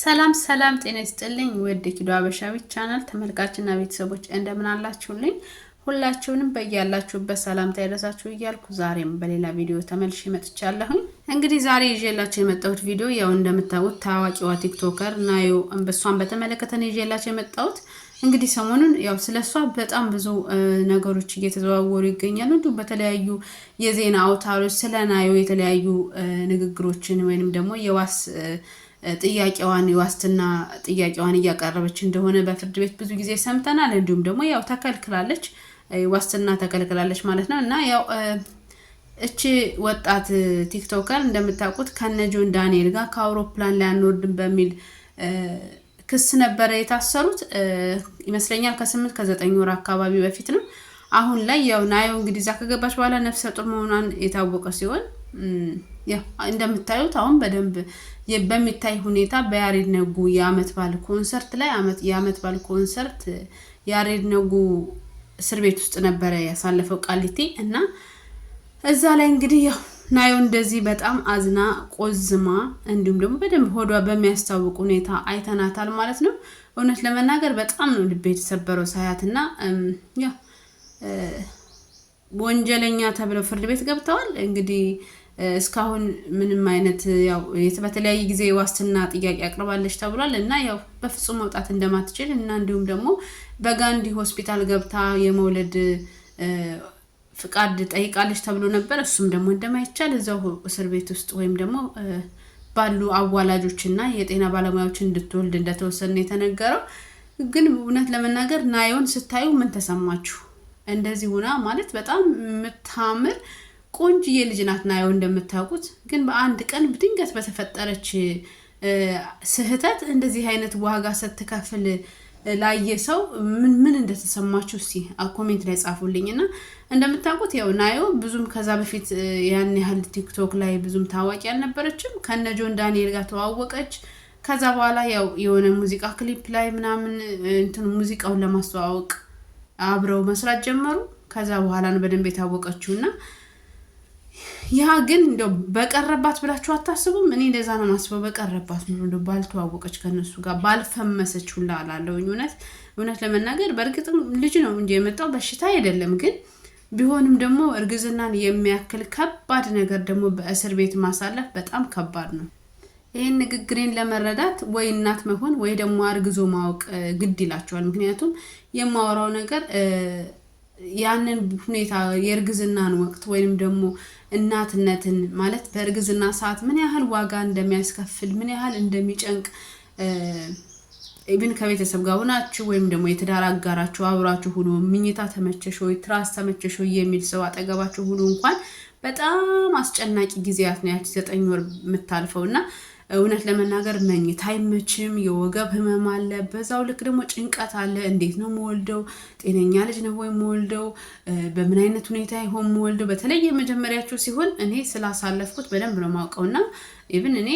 ሰላም ሰላም፣ ጤና ይስጥልኝ ውድ ኪዶ አበሻዊ ቻናል ተመልካችና ቤተሰቦች እንደምን አላችሁልኝ? ሁላችሁንም በያላችሁበት ሰላምታ ይድረሳችሁ እያልኩ ዛሬም በሌላ ቪዲዮ ተመልሼ መጥቻለሁኝ። እንግዲህ ዛሬ ይዤላችሁ የመጣሁት ቪዲዮ ያው እንደምታዩት ታዋቂዋ ቲክቶከር ናዩ እንበሷን በተመለከተ ነው ይዤላችሁ የመጣሁት። እንግዲህ ሰሞኑን ያው ስለ እሷ በጣም ብዙ ነገሮች እየተዘዋወሩ ይገኛሉ። እንዲሁም በተለያዩ የዜና አውታሮች ስለ ናዩ የተለያዩ ንግግሮችን ወይንም ደግሞ የዋስ ጥያቄዋን የዋስትና ጥያቄዋን እያቀረበች እንደሆነ በፍርድ ቤት ብዙ ጊዜ ሰምተናል። እንዲሁም ደግሞ ያው ተከልክላለች፣ ዋስትና ተከልክላለች ማለት ነው እና ያው እቺ ወጣት ቲክቶከር እንደምታውቁት ጆን ዳንኤል ጋር ከአውሮፕላን ላይ አንወርድም በሚል ክስ ነበረ የታሰሩት ይመስለኛል። ከስምንት ከዘጠኝ ወር አካባቢ በፊት ነው። አሁን ላይ ያው ናየው እንግዲህ እዛ ከገባች በኋላ ነፍሰ ጡር መሆኗን የታወቀ ሲሆን እንደምታዩት አሁን በደንብ በሚታይ ሁኔታ በያሬድ ነጉ የአመት ባል ኮንሰርት ላይ የአመት ባል ኮንሰርት ያሬድ ነጉ እስር ቤት ውስጥ ነበረ ያሳለፈው ቃሊቲ እና እዛ ላይ እንግዲህ ያው ናዮ እንደዚህ በጣም አዝና ቆዝማ እንዲሁም ደግሞ በደንብ ሆዷ በሚያስታውቅ ሁኔታ አይተናታል ማለት ነው። እውነት ለመናገር በጣም ነው ልቤ የተሰበረው ሳያት እና ያው ወንጀለኛ ተብለው ፍርድ ቤት ገብተዋል። እንግዲህ እስካሁን ምንም አይነት ያው በተለያየ ጊዜ ዋስትና ጥያቄ አቅርባለች ተብሏል እና ያው በፍጹም መውጣት እንደማትችል እና እንዲሁም ደግሞ በጋንዲ ሆስፒታል ገብታ የመውለድ ፍቃድ ጠይቃለች ተብሎ ነበር። እሱም ደግሞ እንደማይቻል እዛው እስር ቤት ውስጥ ወይም ደግሞ ባሉ አዋላጆች እና የጤና ባለሙያዎች እንድትወልድ እንደተወሰነ የተነገረው። ግን እውነት ለመናገር ናየውን ስታዩ ምን ተሰማችሁ? እንደዚህ ሁና ማለት በጣም የምታምር ቆንጅዬ ልጅ ናት ናየው እንደምታውቁት። ግን በአንድ ቀን ድንገት በተፈጠረች ስህተት እንደዚህ አይነት ዋጋ ስትከፍል ላየ ሰው ምን ምን እንደተሰማችሁ እስኪ ኮሜንት ላይ ጻፉልኝ። እና እንደምታውቁት ያው ናየው ብዙም ከዛ በፊት ያን ያህል ቲክቶክ ላይ ብዙም ታዋቂ አልነበረችም። ከነ ጆን ዳንኤል ጋር ተዋወቀች። ከዛ በኋላ ያው የሆነ ሙዚቃ ክሊፕ ላይ ምናምን እንትን ሙዚቃውን ለማስተዋወቅ አብረው መስራት ጀመሩ። ከዛ በኋላ ነው በደንብ የታወቀችው እና ያ ግን እንደው በቀረባት ብላችሁ አታስቡም? እኔ እንደዛ ነው ማስበው። በቀረባት ነው እንደው ባልተዋወቀች ከነሱ ጋር ባልፈመሰች ሁላ እውነት እውነት ለመናገር በእርግጥም ልጅ ነው እንጂ የመጣው በሽታ አይደለም። ግን ቢሆንም ደግሞ እርግዝናን የሚያክል ከባድ ነገር ደግሞ በእስር ቤት ማሳለፍ በጣም ከባድ ነው። ይህን ንግግሬን ለመረዳት ወይ እናት መሆን ወይ ደግሞ አርግዞ ማወቅ ግድ ይላቸዋል። ምክንያቱም የማወራው ነገር ያንን ሁኔታ የእርግዝናን ወቅት ወይም ደግሞ እናትነትን ማለት በእርግዝና ሰዓት ምን ያህል ዋጋ እንደሚያስከፍል ምን ያህል እንደሚጨንቅ ኢብን ከቤተሰብ ጋር ሆናችሁ ወይም ደግሞ የትዳር አጋራችሁ አብራችሁ ሆኖ ምኝታ ተመቸሽ ወይ ትራስ ተመቸሽ ወይ የሚል ሰው አጠገባችሁ ሆኖ እንኳን በጣም አስጨናቂ ጊዜያት ነው ያቺ ዘጠኝ ወር የምታልፈው እና እውነት ለመናገር መኝታ አይመችም፣ የወገብ ህመም አለ፣ በዛው ልክ ደግሞ ጭንቀት አለ። እንዴት ነው መወልደው? ጤነኛ ልጅ ነው ወይ መወልደው? በምን አይነት ሁኔታ ይሆን መወልደው? በተለይ የመጀመሪያቸው ሲሆን እኔ ስላሳለፍኩት በደንብ ነው ማውቀው እና ኢቭን እኔ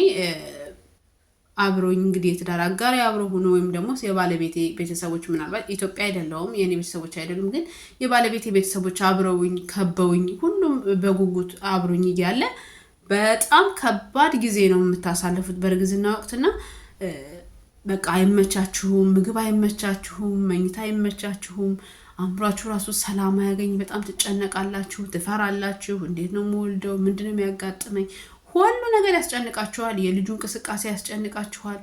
አብሮኝ እንግዲህ የትዳር አጋሪ አብሮ ሆኖ ወይም ደግሞ የባለቤቴ ቤተሰቦች ምናልባት ኢትዮጵያ አይደለውም የኔ ቤተሰቦች አይደሉም፣ ግን የባለቤቴ ቤተሰቦች አብረውኝ ከበውኝ ሁሉም በጉጉት አብሮኝ እያለ በጣም ከባድ ጊዜ ነው የምታሳልፉት በእርግዝና ወቅትና በቃ አይመቻችሁም፣ ምግብ አይመቻችሁም፣ መኝታ አይመቻችሁም። አእምሯችሁ ራሱ ሰላም አያገኝ። በጣም ትጨነቃላችሁ፣ ትፈራላችሁ። እንዴት ነው የምወልደው? ምንድነው የሚያጋጥመኝ? ሁሉ ነገር ያስጨንቃችኋል። የልጁ እንቅስቃሴ ያስጨንቃችኋል።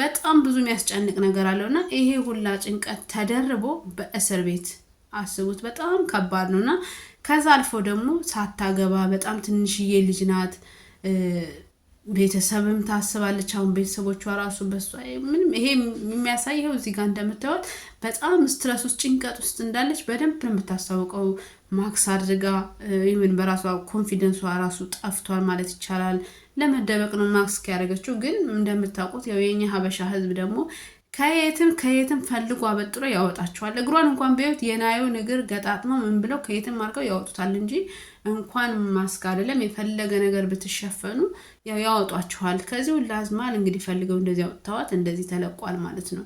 በጣም ብዙ የሚያስጨንቅ ነገር አለውእና ይሄ ሁላ ጭንቀት ተደርቦ በእስር ቤት አስቡት። በጣም ከባድ ነው እና ከዛ አልፎ ደግሞ ሳታገባ በጣም ትንሽዬ ልጅ ናት። ቤተሰብም ታስባለች። አሁን ቤተሰቦቿ ራሱ በሷ ምንም ይሄ የሚያሳየው እዚህ ጋር እንደምታዩት በጣም ስትረስ ውስጥ ጭንቀት ውስጥ እንዳለች በደንብ ነው የምታስታውቀው። ማክስ አድርጋ ምን በራሷ ኮንፊደንሷ ራሱ ጠፍቷል ማለት ይቻላል። ለመደበቅ ነው ማክስ ያደረገችው። ግን እንደምታውቁት ያው የኛ ሀበሻ ህዝብ ደግሞ ከየትም ከየትም ፈልጎ አበጥሮ ያወጣቸዋል። እግሯን እንኳን ቢያዩት የናየው እግር ገጣጥመው ምን ብለው ከየትም አድርገው ያወጡታል እንጂ እንኳን ማስክ አይደለም የፈለገ ነገር ብትሸፈኑ ያወጧችኋል። ከዚህ ሁላ አዝማል እንግዲህ ፈልገው እንደዚህ አውጥተዋት እንደዚህ ተለቋል ማለት ነው።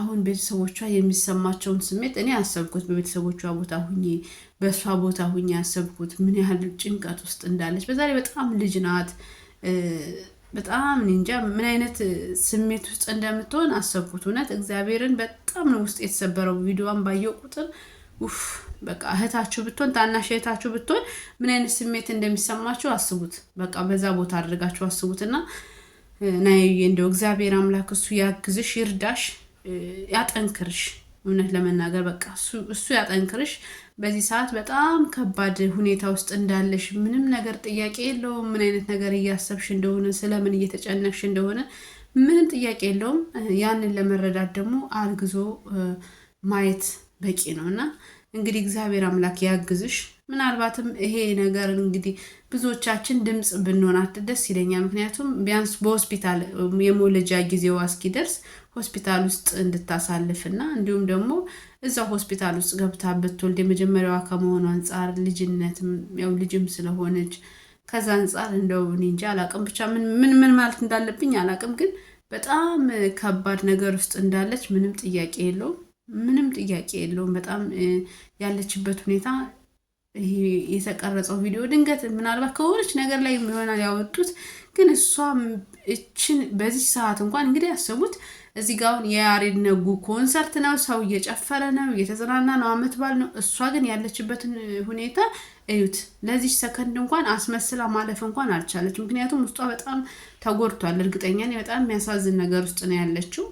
አሁን ቤተሰቦቿ የሚሰማቸውን ስሜት እኔ አሰብኩት። በቤተሰቦቿ ቦታ ሁኜ በእሷ ቦታ ሁኜ ያሰብኩት ምን ያህል ጭንቀት ውስጥ እንዳለች። በዛ ላይ በጣም ልጅ ናት። በጣም እንጃ ምን አይነት ስሜት ውስጥ እንደምትሆን አሰብኩት። እውነት እግዚአብሔርን በጣም ነው ውስጥ የተሰበረው። ቪዲዮን ባየው ቁጥር ውፍ በቃ እህታችሁ ብትሆን ታናሽ እህታችሁ ብትሆን ምን አይነት ስሜት እንደሚሰማችሁ አስቡት። በቃ በዛ ቦታ አድርጋችሁ አስቡት እና እንደው እግዚአብሔር አምላክ እሱ ያግዝሽ፣ ይርዳሽ፣ ያጠንክርሽ። እውነት ለመናገር በቃ እሱ ያጠንክርሽ። በዚህ ሰዓት በጣም ከባድ ሁኔታ ውስጥ እንዳለሽ ምንም ነገር ጥያቄ የለውም። ምን አይነት ነገር እያሰብሽ እንደሆነ፣ ስለምን እየተጨነቅሽ እንደሆነ ምንም ጥያቄ የለውም። ያንን ለመረዳት ደግሞ አርግዞ ማየት በቂ ነው እና እንግዲህ እግዚአብሔር አምላክ ያግዝሽ። ምናልባትም ይሄ ነገር እንግዲህ ብዙዎቻችን ድምፅ ብንሆን አትደስ ይለኛል። ምክንያቱም ቢያንስ በሆስፒታል የመውለጃ ጊዜዋ እስኪደርስ ሆስፒታል ውስጥ እንድታሳልፍ እና እንዲሁም ደግሞ እዛ ሆስፒታል ውስጥ ገብታ ብትወልድ የመጀመሪያዋ ከመሆኑ አንጻር ልጅነትም ያው ልጅም ስለሆነች ከዛ አንጻር እንደው እኔ እንጂ አላቅም ብቻ ምን ምን ማለት እንዳለብኝ አላቅም፣ ግን በጣም ከባድ ነገር ውስጥ እንዳለች ምንም ጥያቄ የለውም። ምንም ጥያቄ የለውም። በጣም ያለችበት ሁኔታ ይሄ የተቀረጸው ቪዲዮ ድንገት ምናልባት ከሆነች ነገር ላይ ይሆናል ያወጡት። ግን እሷም እችን በዚህ ሰዓት እንኳን እንግዲህ ያሰቡት እዚህ ጋ አሁን የያሬድ ነጉ ኮንሰርት ነው። ሰው እየጨፈረ ነው፣ እየተዝናና ነው፣ አመት ባል ነው። እሷ ግን ያለችበትን ሁኔታ እዩት። ለዚች ሰከንድ እንኳን አስመስላ ማለፍ እንኳን አልቻለች። ምክንያቱም ውስጧ በጣም ተጎድቷል። እርግጠኛ ነኝ በጣም የሚያሳዝን ነገር ውስጥ ነው ያለችው።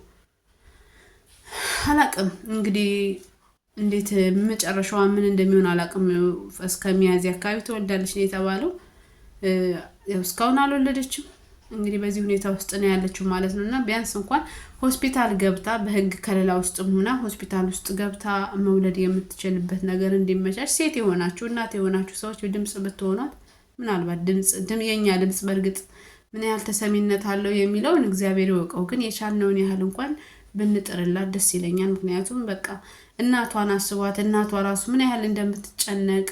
አላቅም እንግዲህ እንዴት መጨረሻዋ ምን እንደሚሆን አላቅም። እስከ ሚያዝያ አካባቢ ትወልዳለች ነው የተባለው። እስካሁን አልወለደችም። እንግዲህ በዚህ ሁኔታ ውስጥ ነው ያለችው ማለት ነው። እና ቢያንስ እንኳን ሆስፒታል ገብታ በህግ ከለላ ውስጥም ሆና ሆስፒታል ውስጥ ገብታ መውለድ የምትችልበት ነገር እንዲመቻች ሴት የሆናችሁ እናት የሆናችሁ ሰዎች ድምፅ ብትሆኗት ምናልባት ድምፅ የኛ ድምፅ በእርግጥ ምን ያህል ተሰሚነት አለው የሚለውን እግዚአብሔር ይወቀው። ግን የቻልነውን ያህል እንኳን ብንጥርላት ደስ ይለኛል። ምክንያቱም በቃ እናቷን አስቧት፣ እናቷ ራሱ ምን ያህል እንደምትጨነቅ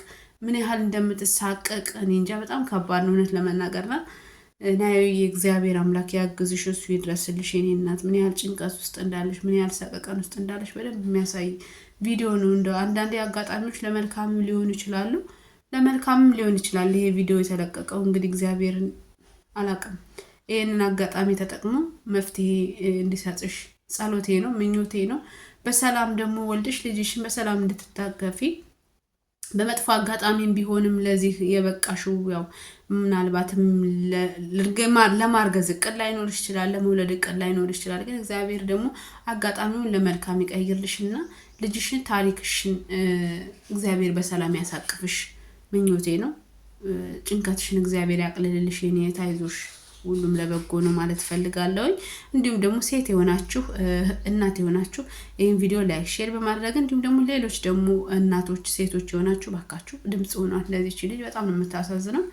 ምን ያህል እንደምትሳቀቅ እኔ እንጃ። በጣም ከባድ ነው እውነት ለመናገርና ናዩ የእግዚአብሔር አምላክ ያግዝሽ፣ እሱ ይድረስልሽ። የኔ እናት ምን ያህል ጭንቀት ውስጥ እንዳለሽ፣ ምን ያህል ሰቀቀን ውስጥ እንዳለሽ በደንብ የሚያሳይ ቪዲዮ ነው። እንደ አንዳንዴ አጋጣሚዎች ለመልካምም ሊሆኑ ይችላሉ፣ ለመልካምም ሊሆን ይችላል ይሄ ቪዲዮ የተለቀቀው። እንግዲህ እግዚአብሔርን አላቅም ይህንን አጋጣሚ ተጠቅሞ መፍትሄ እንዲሰጥሽ ጸሎቴ ነው፣ ምኞቴ ነው። በሰላም ደግሞ ወልደሽ ልጅሽን በሰላም እንድትታቀፊ በመጥፎ አጋጣሚም ቢሆንም ለዚህ የበቃሽው ያው ምናልባትም ለማርገዝ እቅድ ላይኖር ይችላል፣ ለመውለድ እቅድ ላይኖር ይችላል። ግን እግዚአብሔር ደግሞ አጋጣሚውን ለመልካም ይቀይርልሽና ልጅሽን ታሪክሽን እግዚአብሔር በሰላም ያሳቅፍሽ ምኞቴ ነው። ጭንቀትሽን እግዚአብሔር ያቅልልልሽ። የኔ የታይዞሽ ሁሉም ለበጎ ነው ማለት ፈልጋለሁኝ። እንዲሁም ደግሞ ሴት የሆናችሁ እናት የሆናችሁ ይህን ቪዲዮ ላይክ፣ ሼር በማድረግ እንዲሁም ደግሞ ሌሎች ደግሞ እናቶች ሴቶች የሆናችሁ ባካችሁ ድምፅ ሆኗል ለዚች ልጅ በጣም ነው የምታሳዝነው።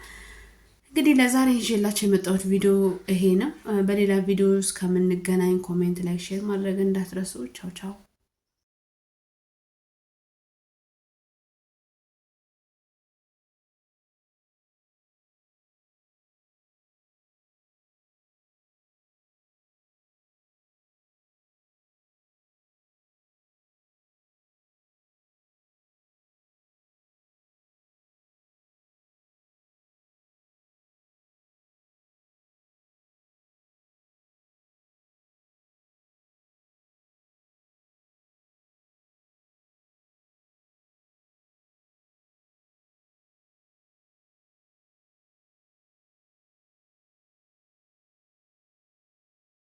እንግዲህ ለዛሬ ይዤላችሁ የመጣሁት ቪዲዮ ይሄ ነው። በሌላ ቪዲዮ እስከምንገናኝ ኮሜንት ላይ ሼር ማድረግ እንዳትረሱ። ቻው ቻው።